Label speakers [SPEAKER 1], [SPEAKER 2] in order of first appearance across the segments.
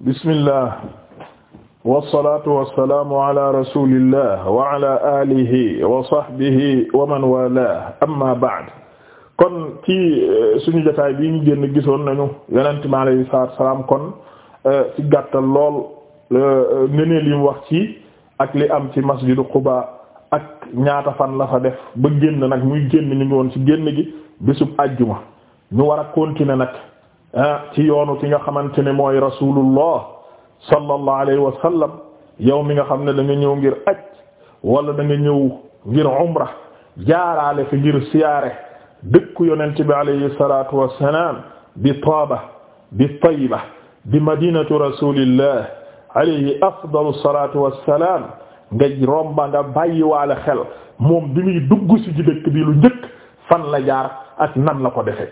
[SPEAKER 1] bismillah wasalaatu wasalaamu ala rasulillah wa ala alihi wa sahbihi wa man wala amma ba'd kon ci eh, suñu jataay bii ñu génn gisoon nañu yonent mi alayhi salaatu salaam kon eh, ci gàttal lool eh, ngëneel yi wax ci ak li am ci masjidu Quba ak ñaata fan la fa def ba génn nag muy génn ñu ngi woon ci génn gi bésub àjjuma ñu war a continuer nag. ci yoonu ki nga xamante ne mooy rasulullah sallallahu alayhi wa sallam yow mi nga xam ne da nga ñëw ngir aj wala da nga ñëw ngir umra jaaraale fi ngir siyaare dëkku yonent bi alayhi salatu wassalam bi taaba bi tayba bi madinatu rasulillah alayhi afdalu salatu wassalam nga romba xel moom bi muy dugg si ci dëkk bi fan la jaar ak nan la ko defe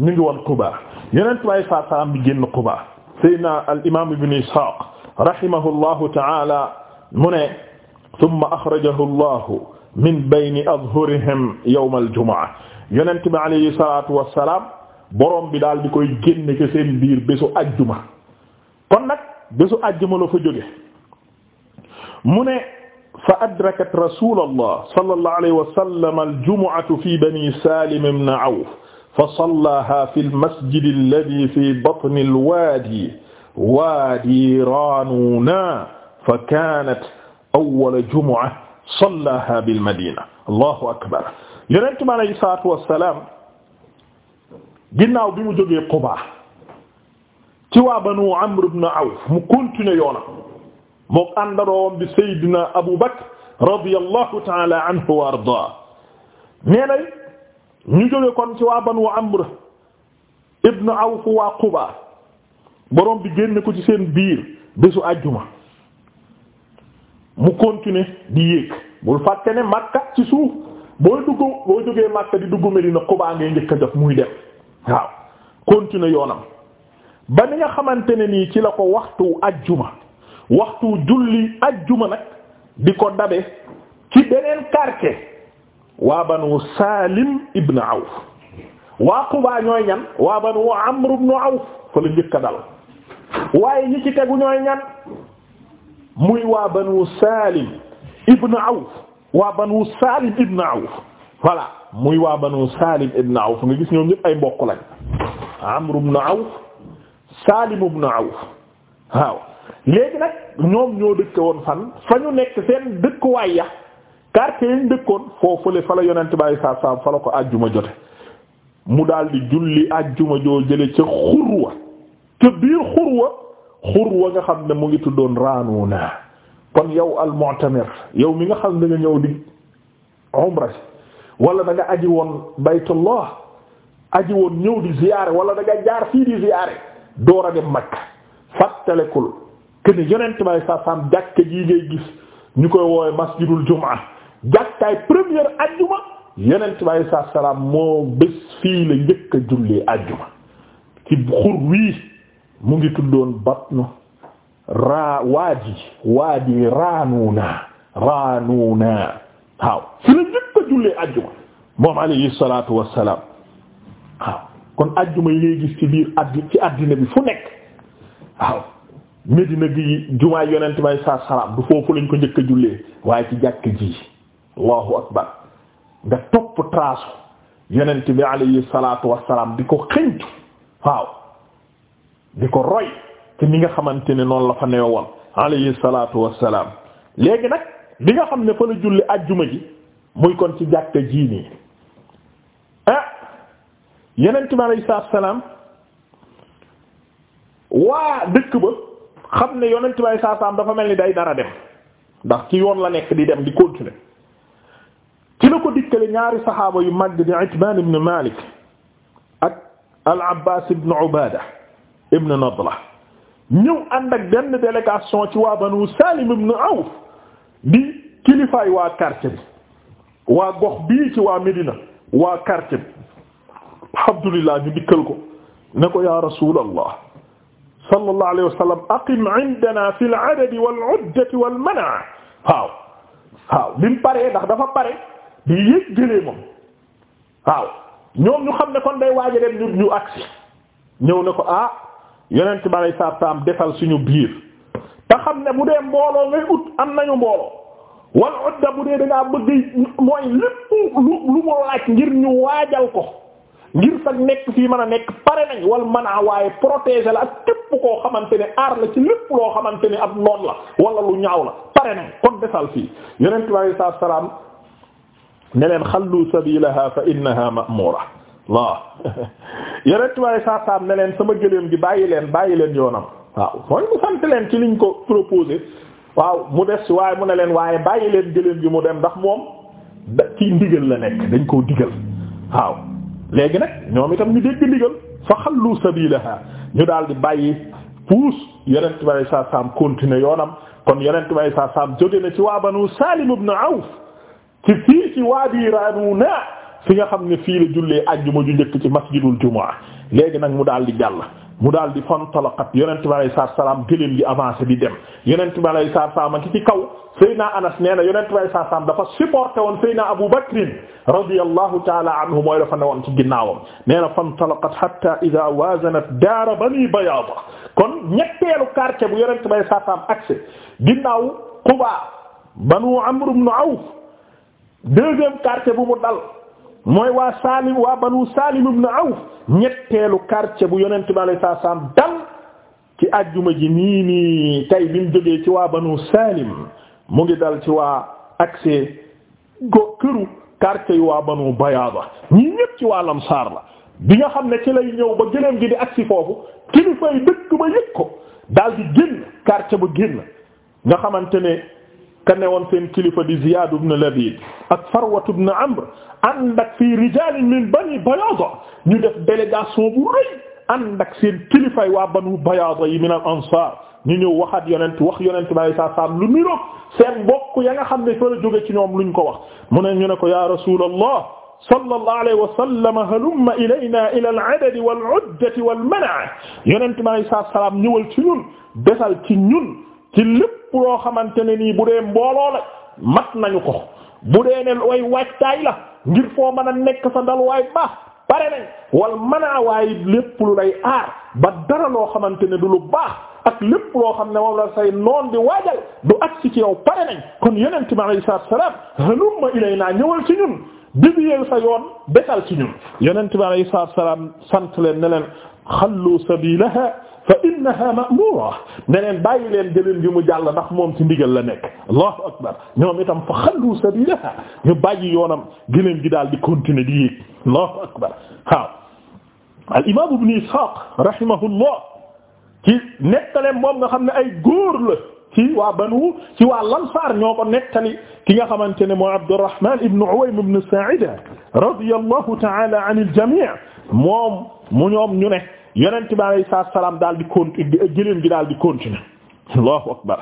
[SPEAKER 1] ñu ngi woon Quba yeneen tubaab saa salaam bi génn Quba Seydina al imaam ibn Ishaq rahimahullahu ta'ala mu ne thumma akhrajahu Allahu min bayni adhurihim yawm al-jumu'a yonent bi alayhi salaatu wa salaam borom bi daal di koy génne ci seen biir bésu ajjuma kon nag bésu ajjuma la fa jóge mu ne fa adrakat rasulallah sallallahu alayhi wa sallam al-jumu'atu fi bani Salim ibn Awf fa sallaha fi lmasjid alladi fi batni alwaadi waadi raanuuna fa kaanat awwala jumu'a sallaha bilmadina allahu akbar yonent mi alayhi salaatu wassalaam ginnaaw bi mu jógee Quba ci waa Banu Amr ibn Awf mu continuer yoonam moo àndaroom bi Seydina Abu Bakr radiyallahu ta'ala anhu wa ardaa ñu jóge kon ci waa banu amr ibnu awf waa quba borom bi génn ko ci seen biir bésu àjjuma mu continuer di yéeg bul fàtte ne makka ci suuf booy dugg boo jógee makka di dugg medina quba ngay njëkk a jot muy dem waaw continuer yoonam ba ni nga xamante ne nii ci la ko waxtu àjjuma waxtu julli àjjuma nag di ko dabe ci beneen quartier waa banu Salim ibn Awf waa Quba ñooy ñan waa banu Amr ibn Awf fa la njëkk dal waaye ñi ci tegu ñooy ñan muy waa banu Salim ibn Awf waa banu Salim ibn Awf voilà muy waa banu Salim ibn Awf nga gis ñoom ñëpp ay mbokk lañ Amr ibn Awf Salim ibn Awf waaw léegi nag ñoom ñoo dëkke woon fan fa ñu nekk seen dëkkuwaay ya quartier yi ñu dëkkoon foofule fa la yonent bàyyi saa saa fa la ko àjjuma jote mu daal di julli àjjuma joo jële ca xurwa ca biir xurwa xurwa nga xam ne mu ngi tuddoon raanu naa kon yow al yow mi nga xam ne nga ñëw di umra si wala da nga aji woon baytullah aji woon ñëw di ziyaare wala da nga jaar fii di ziyaare door a dem Makka fàttalekul que ni yonent bàyyi saa saa jàkka ji ngay gis ñu koy woowee masjidul jumaa jàkkaay première ajjuma yonent bi alayhi salaatu salaam moo bés fii la njëkk a jullee ajjuma ci xur wii mu ngi tuddoon batnu raa waadi waadi raanuuna raanuuna waaw fi la njëkk a jullee ajjuma moom alayhi salaatu wassalaam waaw kon ajjuma yi ngay ci biir ci addina bi fu nekk waaw Medina gi du foofu lañ ko njëkk a jullee waaye ci jàkk ji allahu akbar nga topp trace yonent bi alayhi salaatu wassalaam di ko xëñtu waaw di ko roy te ni nga xamante ni noonu la fa neewoon alayhi salaatu wassalaam léegi nag bi nga xam ne fa la julli ajjuma ji muy kon ci jàkka jii nii ah yonent bi alayhi salaatu waa dëkk ba xam ne yonent bi alayhi salaatu wassalaam dafa mel ni day dara dem ndax ci yoon la nekk di dem di continuer la ko dikkale ñaari saxaaba yu mag di Itbaan ibn Maalik ak al-Abbaas ibn Ubaada ibn Nadla ñëw ànd ak benn délégation ci waa Banu Saalim ibn Awf di kilifaay waa quartier bi waa gox bii ci waa Médina waa quartier bi Abdullah ñu dikkal ko ne ko yaa Rasuulallah sallallahu alayhi wa sallam aqim indana fil adadi wal uddati wal manaa waaw waaw bi mu paree ndax dafa pare di yéeg jëlee moom waaw ñoom ñu xam ne kon day waaja dem ñu ñu agsi ñëw ne ko ah yonent bi alay saab saab defal suñu biir te xam ne bu dee mbooloo ngay ut am nañu mbooloo wal udda bu dee dangaa bëgg mooy lépp lu lu mu laaj ngir ñu waajal ko ngir sax nekk fii mën a nekk pare nañ wal mën a waaye protéger la ak képp koo xamante ne aar la ci lépp loo xamante ne ab noon la wala lu ñaaw la pare nañ kon defal fii yonent bi alay salaam ne leen xallu sabilaha fa innaha ma'mura waaw yeneen tubaab yi saam ne leen sama gëléem gi bàyyi leen bàyyi leen yoonam waaw mooy mu sant leen ci liñ ko proposé waaw mu des waaye mu ne leen waaye bàyyi leen gëléem gi mu dem ndax moom da ci ndigal la nekk dañ koo digal waaw. léegi nag ñoom itam ñu dégg ndigal fa xallu sabilaha ñu daal bàyyi puus yeneen tubaab yi saa saam continuer yoonam kon yeneen tubaab yi saa saam jóge na ci waa banu Salim ibn Awf ci fii. fii ci waadi Ranuuna fi nga xam ne fii la jullee ajjuma ju njëkk ci masjidul jumaa léegi nag mu daal di jàll mu daal di fantalaqat yonent bi alayhi salaatu salaam gëléem gi avancé di dem yonent bi alayhi salaatu salaam ak ci kaw Seydina Anas nee na yonent bi alayhi salaatu salaam dafa supporté woon Seydina Abu Bakrin radiyallahu ta'ala anhu mooy dafa newoon ci ginnaawam nee na fantalaqat hatta idha wazanat daara bani Bayaada kon ñetteelu quartier bu yonent bi alayhi salaatu salaam accès ginnaaw Quba banu Amr ibn Awf deuxième quartier bu mu dal mooy waa Salim waa banu Salim ibn Awf ñetteelu quartier bu yonent bi saa salaam dal ci àjjuma ji nii nii tey bi mu jógee ci waa banu Salim mu ngi dal ci waa accès go këru quartier yu waa banu Bayaada ñii ñépp ci waa Lamsaar la bi nga xam ne ci lay ñëw ba gëléem gi di agsi foofu kilifay dëkk ba yëg ko daal di génn quartier bu génn nga xamante ne. ka newoon seen kilifa di Ziyaad ibn Labiid ak Farwa ibn Amr ànd ak fii rijaal min Bani Bayaada ñu def délégation bu rëy ànd ak seen kilifay waa Banu Bayaada yi min al ansaar ñu ñëw waxaat yonent wax yonent bi sallallahu alayhi wasallam lu niroog seen mbokk ya nga xam ne fa joge jóge ci ñoom luñ ko wax mu ne ñu ne ko ya Rasuulallah sallallahu alayhi wa sallam halumma ilayna ila al-adadi wal-uddati wal-mana'a yonent bi sallallahu alayhi wasallam ñëwal ci ñun desal ci ñun ci lépp lépp loo xamante ne nii bu dee mbooloo la mat nañu ko bu dee ne way wàccaay la ngir foo mën a nekk sa dal waay baax pare nañ wal manaawaay lépp lu lay aar ba dara loo xamante ne du lu baax ak lépp loo xam ne moom la say noon di waajal du agsi ci yow pare nañ kon yonent bi alayhi salaatu wa salaam halumma ilaynaa ñëwal ci ñun bibiyeel sa yoon besal ci ñun yonent bi alayhi salaatu salaam sant leen ne xallu sabilaha fa innaha ma'mura ne leen bàyyi leen jëlin bi mu jàll ndax moom ci ndigal la nekk allahu akbar ñoom itam fa xallu sabilaha ñu bàyyi yoonam gëléem gi daal di continuer di yéeg allahu akbar waaw al imam ibn ishaq rahimahullah ci nettaleem moom nga xam ne ay góor la ci waa banu ci waa lansaar ñoo ko nettali ki nga xamante ne mooy Abdurrahman ibn Uwaym ibn Sa'ida radiyallahu ta'ala anil jami' moom mu ñoom ñu ne yonent bi alayhi salaatu salaam daal di continuer gëléem gi daal di continuer allahu akbar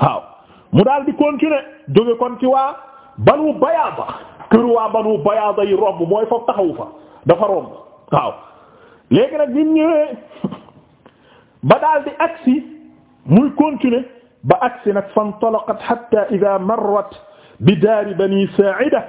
[SPEAKER 1] waaw mu daal di continuer jóge kon ci waa banu bayaada kër waa banu bayaada yi romb mooy foofu taxawu fa dafa romb waaw léegi nag bi mu ñëwee ba daal di agsi muy continuer ba agsi nag fantalaqat hatta idha marrat bi daari bani sa'ida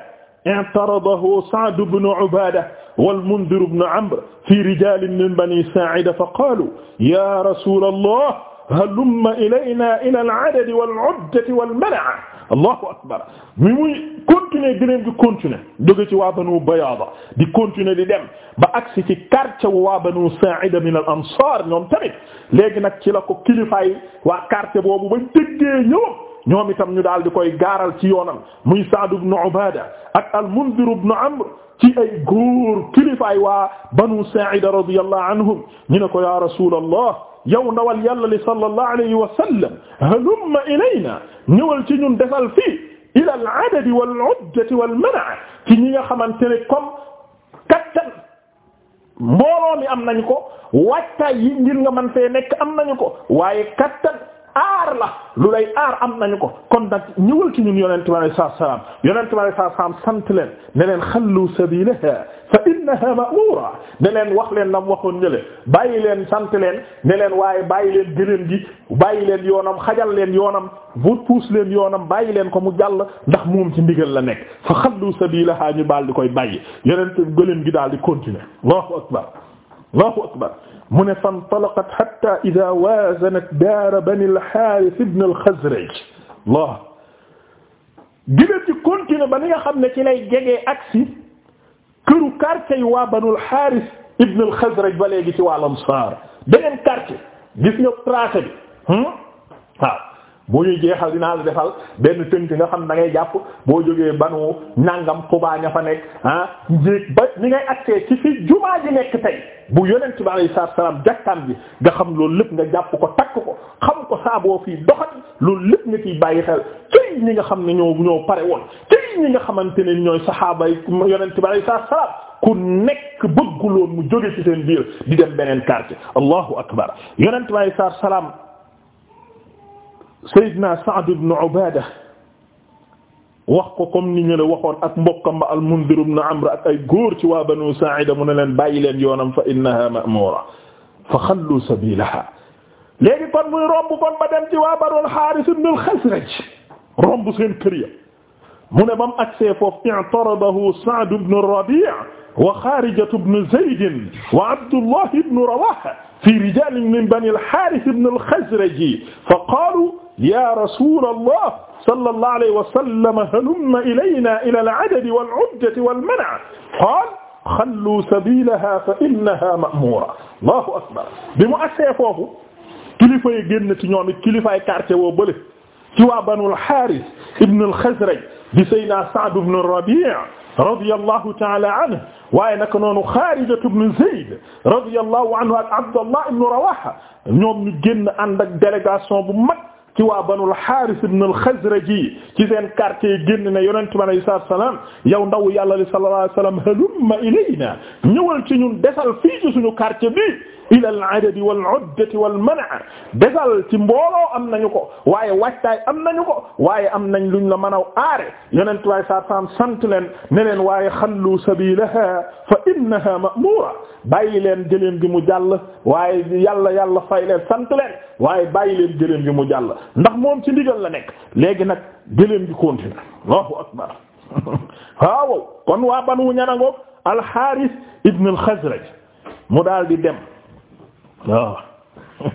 [SPEAKER 1] i'taradahu Sa'd ibn Ubaada wal Mundhir ibn Amr fii rijaalin min banii Saa'ida faqaaluu yaa rasuulallaah halumma ilaynaa ilal adadi wal uddati wal mana'a Allaahu akbar mi muy continuer gëneen di continuer jóge ci waa Banuu Bayaada di continuer di dem ba agsi ci quartier wu waa Banuu Saa'ida min al ansaar ñoom tamit léegi nag ci la ko kilifaay waa quartier boobu ba déggee ñëw ñoom itam ñu daal di koy gaaral ci yoonam muy Sa'd ibn Ubaada ak al-Mundhir ibn Amr ci ay góor kilifaay waa Banu Saa'ida radiyallahu anhum ñu ne ko ya Rasuulallah yow ndawal yàlla li sallallahu alayhi wa sallam halumma ilayna ñëwal ci ñun defal fii ila al-adad wal-udda wal-man'a ci ñi nga xamante ne comme kattan mbooloo am nañu ko waajtaay yi ngir nga mën fee nekk am nañu ko waaye kattan aar la lu lay aar am nañu ko kon nag ñëwal ci ñun yonent bi alayhi salaatu salaam yonent bi alayhi salaam sant leen ne leen xallu sabiilaha fa innaha ma'muura ne leen wax leen la mu waxoon ñële bàyyi leen sant leen ne leen waaye bàyyi leen gëléem gi bàyyi leen yoonam xajal leen yoonam bu puus leen yoonam bàyyi leen ko mu jàll ndax moom ci ndigal la nekk fa la sabiilaha ñu bal di koy bàyyi yonent gëléem gi daal di continuer Allahu akbar Allahu akbar mu ne fantalaqat hatta ida waazanat daara bani al-Haaris ibn al-Khazraj Allah gina ci continuer ba ni nga xam ne ci lay jegee aksi këru quartier yi waa banu al-Haaris ibn al-Khazraj ba léegi ci waa Ansaar beneen quartier gis nga tracé bi hmm? waaw bu ñuy jeexal dinaa la defal benn tënk nga xam da ngay jàpp boo jógee banu nangam xubaa ña fa nekk ah njéeg ba ni ngay accès ci fi jumaa ji nekk tey bu yonent bi alayhi salaatu salaam jàkkaan bi nga xam loolu lépp nga jàpp ko takk ko xam ko saaboo fii doxat loolu lépp nga ciy bàyyi xel ñi nga xam ne ñoo ñoo pare woon këy ñi nga xamante ne ñooy saxaaba yi yonent bi alayhi salaatu salaam ku nekk bëgguloon mu jóge ci seen biir di dem beneen quartier allahu akbar yonent bi alayhi salaam Seydina Sa'd ibn Ubaada wax ko comme ni ñu la waxoon ak mbokkam ba al-Mundir ibn Amr ak ay góor ci waa Banu Saa'ida mu ne leen bàyyi leen yoonam fa innaha ma'muura fa xallu sabiilaha léegi kon muy romb kon ba dem ci waa Banu al-Haaris ibn al-Xasraj romb seen kër ya mu ne ba mu agsee foofu i'taradahu Sa'd ibn Rabi' wa Xaarijatu ibn Zayd wa Abdullah ibn Rawaaha fii rijaalin min Bani al-Haaris ibn al-Xasraj fa qaalu ya rasulallah sallallahu alayhi wa sallam halumma ilayna ila al-adadi wal-'udjati wal-man'i qaala xallu sabilaha fa innaha ma'muura allahu akbar bi mu agsee foofu kilifa yi génn ci ñoom it kilifaay quartier woo bële ci waa Banul Haaris ibn al-Xazraj di Seydina Sa'd ibn Rabi' radiyallahu ta'ala anhu waaye naka noonu Xaarijatu ibn Zayd radiyallahu anhu ak Abdallah ibn Rawaha ñoom ñu génn ànd ak délégation bu mag ci waa banul Haaris ibn al-Xazraji ci seen quartier génn ne yonent bi alayhi salaatu wa salaam yow ndaw yàlla li sallallahu alayhi wa sallam halumma ilayna ñëwal ci ñun desal fii ci suñu quartier bi ila al-adadi wal-uddati wal-man'a desal ci mbooloo am nañu ko waaye waajtaay am nañu ko waaye am nañ luñ la mën a aare yonent bi alayhi salaatu wa salaam sant leen ne leen waaye xallu sabilaha fa innaha ma'muura bàyyi leen gëléem gi mu jàll waaye yàlla yàlla fay leen sant leen waaye bàyyi leen gëléem gi mu jàll ndax moom ci ndigal la nekk léegi nag gëléem gi continué Allahu akbar waaw kon waa banu ñanango al ibn al mu daal di dem waaw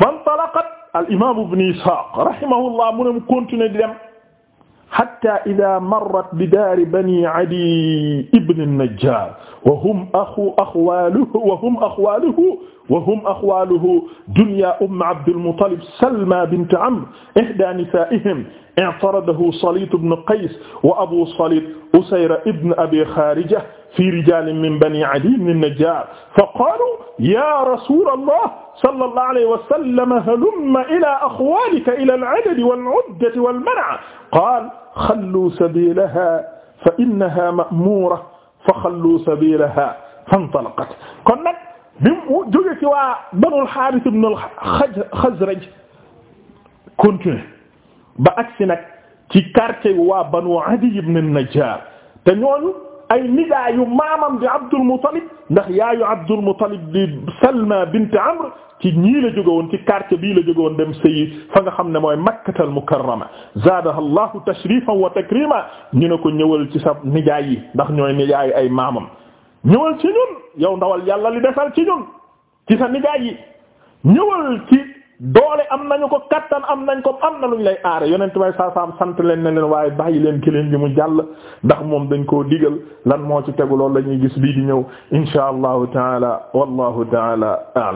[SPEAKER 1] fantalaqat al-imam ibn Ishaq rahimahullah mu ne mu continué di dem xatta ida marrat bi daari bani adi ibni najjar wa hum axu axwaaluhu wa hum axwaaluhu wa hum axwaaluhu dunya umm abdulmutalib salma bint amr ihda nisaa'ihim i'taradahu salit ibn qays wa abu salit usayra ibn abi xaarija fi rijalin min bani adi min najjar fa qalu ya rasul allah sallallahu alayhi wa sallam halumma ila axwanika ila al-adadi wal-uddati wal-man'a qala xallu sabilaha fa innaha ma'mura fa xallu sabilaha fantalaqat kon nag bi mu jóge ci waa Banu al-Harith ibn al-Khazraj continue ba agsi nag ci quartier waa Banu Adi ibn an-Najjar te ñooñu ay nidaayu maamam di Abdul Muttalib ndax yaayu Abdul Muttalib di Salma bint Amr ci ñii la jóge woon ci quartier bii la jóge woon dem sëyi fa nga xam ne mooy Makkatal Mukarrama zaadaha Allahu tashrifan wa takrima ñu ne ko ñëwal ci sa nijaay yi ndax ñooy nijaayu ay maamam ñëwal ci ñun yow ndawal yàlla li defal ci ñun ci sa nijaay yi ñëwal ci doole am nañu ko kattan am nañ ko am na luñ lay aare yonent bay saasaam sant leen ne leen waaye bàyyi leen kileen gi mu jàll ndax moom dañ koo digal lan moo ci tegu loolu la ñuy gis bii di ñëw insha allahu taala wallahu taala a'lam